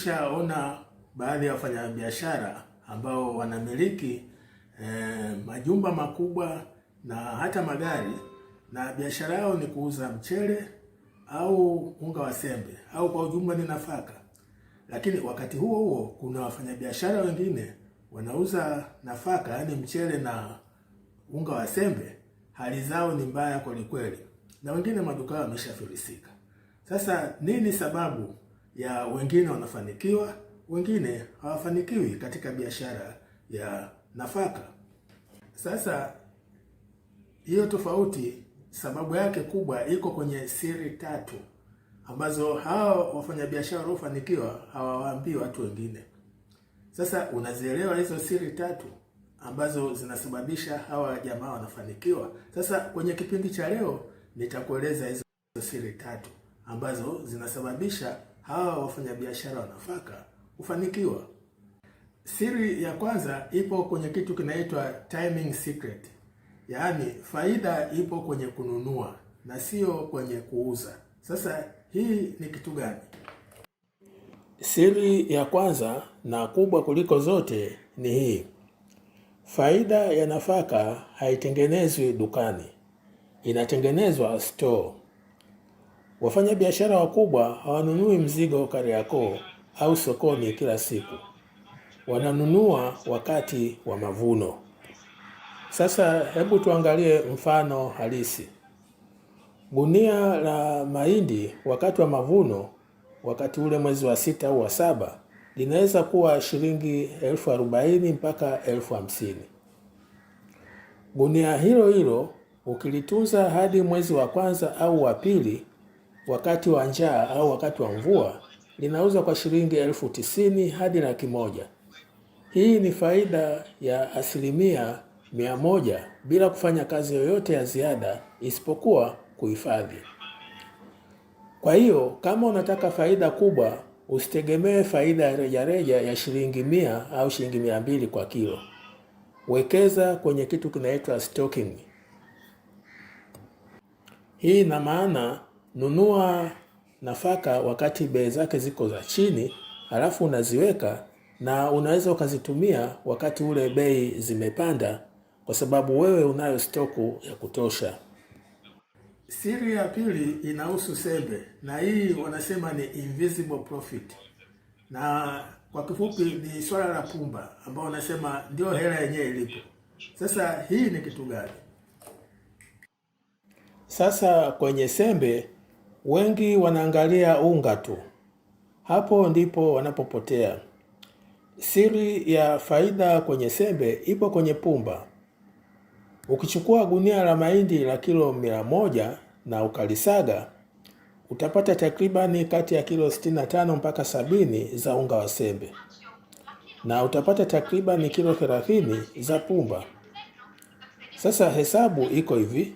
Tumeshaona baadhi ya wafanyabiashara ambao wanamiliki eh, majumba makubwa na hata magari na biashara yao ni kuuza mchele au unga wa sembe au kwa ujumla ni nafaka. Lakini wakati huo huo kuna wafanyabiashara wengine wanauza nafaka, yaani mchele na unga wa sembe, hali zao ni mbaya kwelikweli, na wengine maduka yao yameshafilisika. Sasa nini sababu ya wengine wanafanikiwa, wengine hawafanikiwi katika biashara ya nafaka. Sasa hiyo tofauti, sababu yake kubwa iko kwenye siri tatu ambazo hao wafanyabiashara waliofanikiwa hawawaambii watu wengine. Sasa unazielewa hizo siri tatu ambazo zinasababisha hawa jamaa wanafanikiwa. Sasa kwenye kipindi cha leo nitakueleza hizo siri tatu ambazo zinasababisha hawa wafanyabiashara wa nafaka hufanikiwa. Siri ya kwanza ipo kwenye kitu kinaitwa timing secret, yaani faida ipo kwenye kununua na sio kwenye kuuza. Sasa hii ni kitu gani? Siri ya kwanza na kubwa kuliko zote ni hii: faida ya nafaka haitengenezwi dukani, inatengenezwa store. Wafanyabiashara wakubwa hawanunui mzigo Kariakoo au sokoni kila siku, wananunua wakati wa mavuno. Sasa hebu tuangalie mfano halisi. Gunia la mahindi wakati wa mavuno, wakati ule mwezi wa sita au wa saba, linaweza kuwa shilingi elfu arobaini mpaka elfu hamsini. Gunia hilo hilo ukilitunza hadi mwezi wa kwanza au wa pili wakati wa njaa au wakati wa mvua linauzwa kwa shilingi elfu tisini hadi laki moja. Hii ni faida ya asilimia mia moja bila kufanya kazi yoyote ya ziada isipokuwa kuhifadhi. Kwa hiyo kama unataka faida kubwa, usitegemee faida ya rejareja ya shilingi mia au shilingi mia mbili kwa kilo. Wekeza kwenye kitu kinaitwa stocking. Hii ina maana nunua nafaka wakati bei zake ziko za chini, halafu unaziweka na unaweza ukazitumia wakati ule bei zimepanda, kwa sababu wewe unayo stoku ya kutosha. Siri ya pili inahusu sembe, na hii wanasema ni invisible profit, na kwa kifupi ni swala la pumba, ambao wanasema ndio hela yenyewe ilipo. Sasa hii ni kitu gani? Sasa kwenye sembe Wengi wanaangalia unga tu, hapo ndipo wanapopotea. Siri ya faida kwenye sembe ipo kwenye pumba. Ukichukua gunia la mahindi la kilo mia moja na ukalisaga, utapata takribani kati ya kilo 65 mpaka sabini za unga wa sembe na utapata takribani kilo 30 za pumba. Sasa hesabu iko hivi: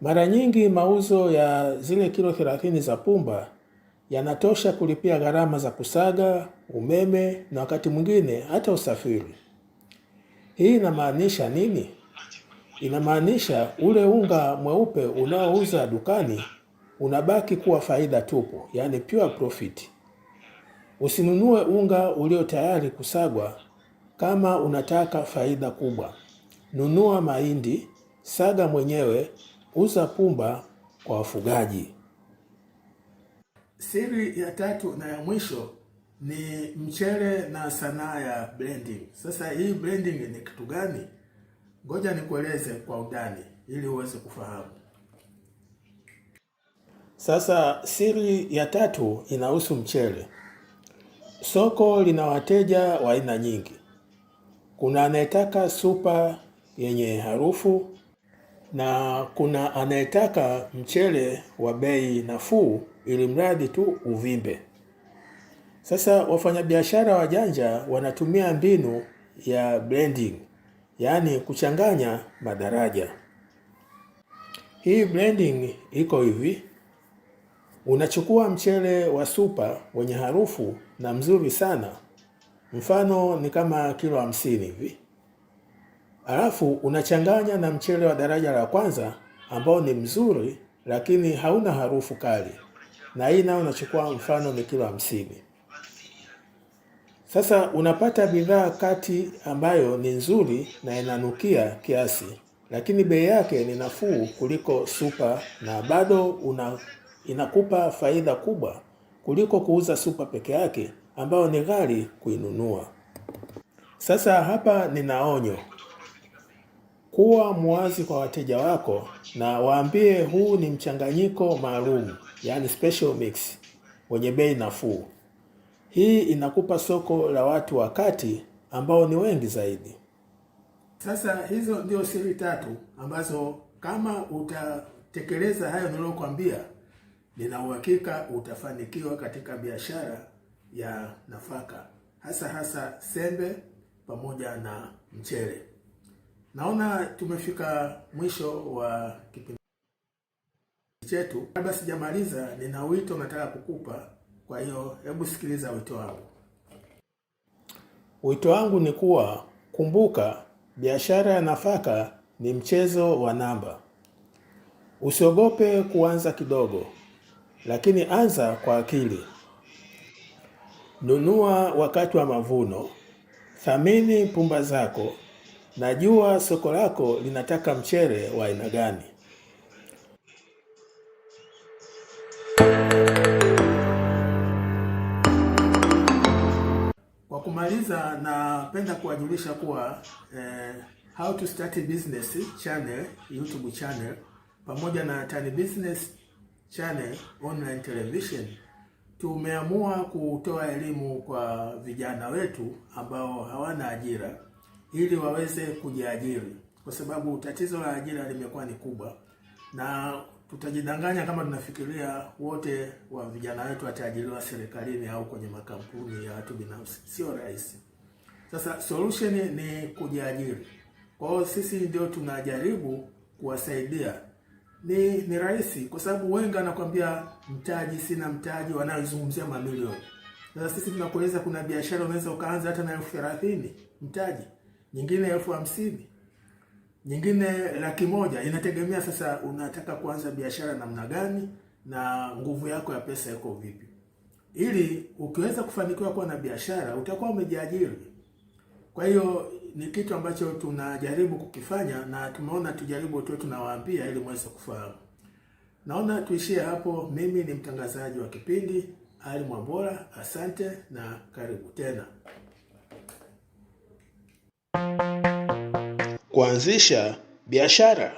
mara nyingi mauzo ya zile kilo 30 za pumba yanatosha kulipia gharama za kusaga, umeme na wakati mwingine hata usafiri. Hii inamaanisha nini? Inamaanisha ule unga mweupe unaouza dukani unabaki kuwa faida tupu, yani pure profit. Usinunue unga ulio tayari kusagwa kama unataka faida kubwa. Nunua mahindi, saga mwenyewe uza pumba kwa wafugaji. Siri ya tatu na ya mwisho ni mchele na sanaa ya blending. Sasa hii blending ni kitu gani? Ngoja nikueleze kwa undani ili uweze kufahamu. Sasa siri ya tatu inahusu mchele. Soko lina wateja wa aina nyingi. Kuna anayetaka supa yenye harufu na kuna anayetaka mchele wa bei nafuu, ili mradi tu uvimbe. Sasa wafanyabiashara wa janja wanatumia mbinu ya blending, yaani kuchanganya madaraja. Hii blending iko hivi: unachukua mchele wa supa wenye harufu na mzuri sana, mfano ni kama kilo hamsini hivi halafu unachanganya na mchele wa daraja la kwanza ambao ni mzuri lakini hauna harufu kali, na hii nayo unachukua mfano ni kilo hamsini. Sasa unapata bidhaa kati ambayo ni nzuri na inanukia kiasi, lakini bei yake ni nafuu kuliko supa, na bado una inakupa faida kubwa kuliko kuuza supa peke yake ambayo ni ghali kuinunua. Sasa hapa nina onyo kuwa mwazi kwa wateja wako na waambie huu ni mchanganyiko maalum, yani special mix wenye bei nafuu. Hii inakupa soko la watu wa kati ambao ni wengi zaidi. Sasa hizo ndio siri tatu ambazo kama utatekeleza hayo niliyokuambia, nina uhakika utafanikiwa katika biashara ya nafaka, hasa hasa sembe pamoja na mchele. Naona tumefika mwisho wa kipindi chetu. Kabla sijamaliza, nina wito nataka kukupa, kwa hiyo hebu sikiliza wito wangu. Wito wangu ni kuwa, kumbuka, biashara ya nafaka ni mchezo wa namba. Usiogope kuanza kidogo, lakini anza kwa akili. Nunua wakati wa mavuno, thamini pumba zako najua soko lako linataka mchele wa aina gani. Kwa kumaliza, napenda kuwajulisha kuwa eh, How to Start a Business channel YouTube channel pamoja na Tan Business channel online television tumeamua kutoa elimu kwa vijana wetu ambao hawana ajira ili waweze kujiajiri, kwa sababu tatizo la ajira limekuwa ni kubwa, na tutajidanganya kama tunafikiria wote wa vijana wetu wataajiriwa serikalini au kwenye makampuni ya watu binafsi. Sio rahisi. Sasa solution ni kujiajiri. Kwa hiyo sisi ndio tunajaribu kuwasaidia. Ni ni rahisi kwa sababu wengi anakwambia mtaji, sina mtaji, wanayozungumzia mamilioni. Sasa sisi tunakueleza kuna biashara unaweza ukaanza hata na elfu thelathini mtaji nyingine elfu hamsini nyingine laki moja. Inategemea sasa unataka kuanza biashara namna gani na nguvu yako ya pesa iko vipi. Ili ukiweza kufanikiwa kuwa na biashara utakuwa umejiajiri. Kwa hiyo ni kitu ambacho tunajaribu kukifanya na tumeona tujaribu tu, tunawaambia ili mweze kufahamu. Naona tuishie hapo. Mimi ni mtangazaji wa kipindi Ali Mwambola, asante na karibu tena. Kuanzisha biashara